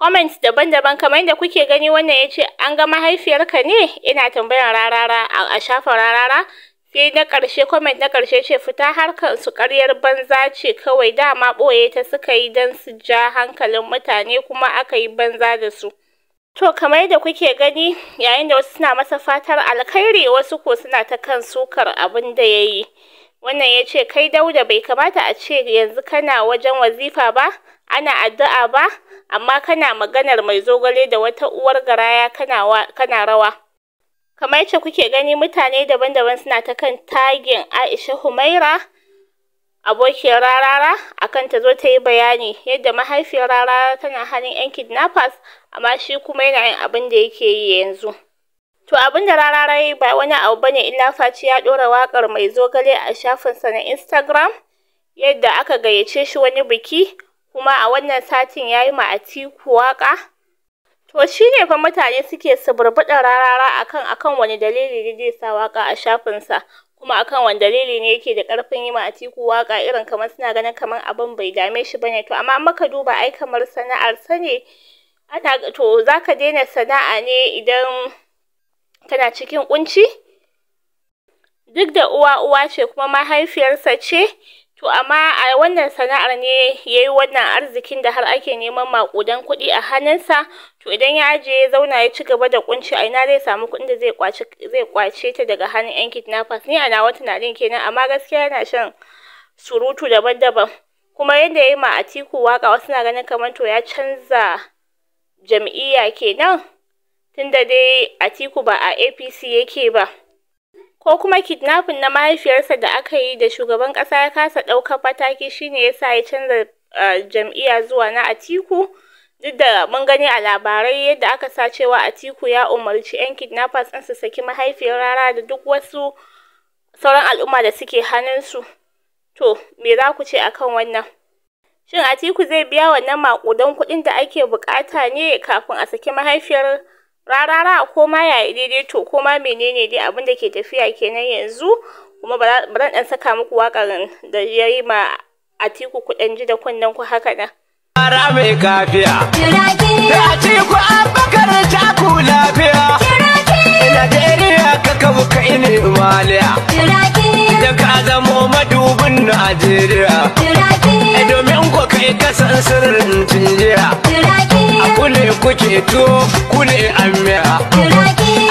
Comments daban-daban kamar yadda kuke gani wannan yace an ga mahaifiyarka ne ina tambayar rarara a shafin rarara sai na karshe comment na karshe ce fita harkar su karyar banza ce kawai dama boye ta suka yi dan su ja hankalin mutane kuma aka yi banza da su To kamar yadda kuke gani yayin da wasu suna masa fatar alkhairi wasu ko suna ta kan sukar abin da yayi Wannan ya ce, “Kai Dauda bai kamata a ce yanzu kana wajen wazifa ba, ana addu'a ba, amma kana maganar mai zogale da wata uwar garaya kana rawa. Kamar yace kuke gani mutane daban-daban suna ta kan tagin Aisha Humaira, abokiyar Rarara, akan ta zo ta yi bayani yadda mahaifiyar Rarara tana halin 'yan kidnappers, amma shi kuma yana yin abin da yake yi yanzu. To abin da Rarara ya ba wani abu ba ne illa faci ya ɗora waƙar Mai Zogale a shafinsa na Instagram, yadda aka gayyace shi wani biki, kuma a wannan satin yayi ma Atiku waƙa. To shi ne fa mutane suke suburbuɗar Rarara akan akan wani dalili ne zai sa waƙa a shafinsa, kuma akan wani dalili ne yake da ƙarfin yi ma Atiku waƙa irin kamar suna ganin kamar abin bai dame shi ba ne. To amma in muka duba ai kamar sana'ar sa ne, ana to za ka daina sana'a ne idan tana cikin kunci duk da uwa uwa ce kuma mahaifiyarsa ce to amma a wannan sana'ar ne yayi wannan arzikin da har ake neman maƙudan kuɗi a hannunsa to idan ya ajiye ya zauna ya ci gaba da kunci a ina zai samu kuɗin da zai kwace zai kwace ta daga hannun yan kidnappers ni a na tunanin kenan amma gaskiya yana shan surutu daban-daban kuma yadda yayi ma Atiku waka wasu na ganin kamar to ya canza jam'iyya kenan da dai Atiku ba a APC yake ba. Ko kuma kidnapping na mahaifiyarsa da aka yi da shugaban ƙasa ya kasa ɗaukar mataki shine yasa ya canza eh, jam'iyya zuwa na Atiku. Duk da mun gani a labarai yadda aka sa cewa Atiku ya umarci 'yan kidnappers ɗin su saki mahaifiyar Rara da duk wasu sauran al'umma da suke hannunsu. To, me za ku ce akan wannan? Shin Atiku zai biya wannan maƙudan kuɗin da ake buƙata ne kafin a saki mahaifiyar rarara koma yaya daidai to koma menene dai abin da ke tafiya kenan yanzu kuma ba zan dan saka muku wakar da yayi ma Atiku ku dan ji da kunnen ku haka nan Ara mai kafiya Da Atiku Abubakar ta ku lafiya Najeriya ka kabu ka ini maliya Da ka zamo madubin Najeriya eh, Domin ku kai kasan sirrin Najeriya kuke to kule a miya. Kula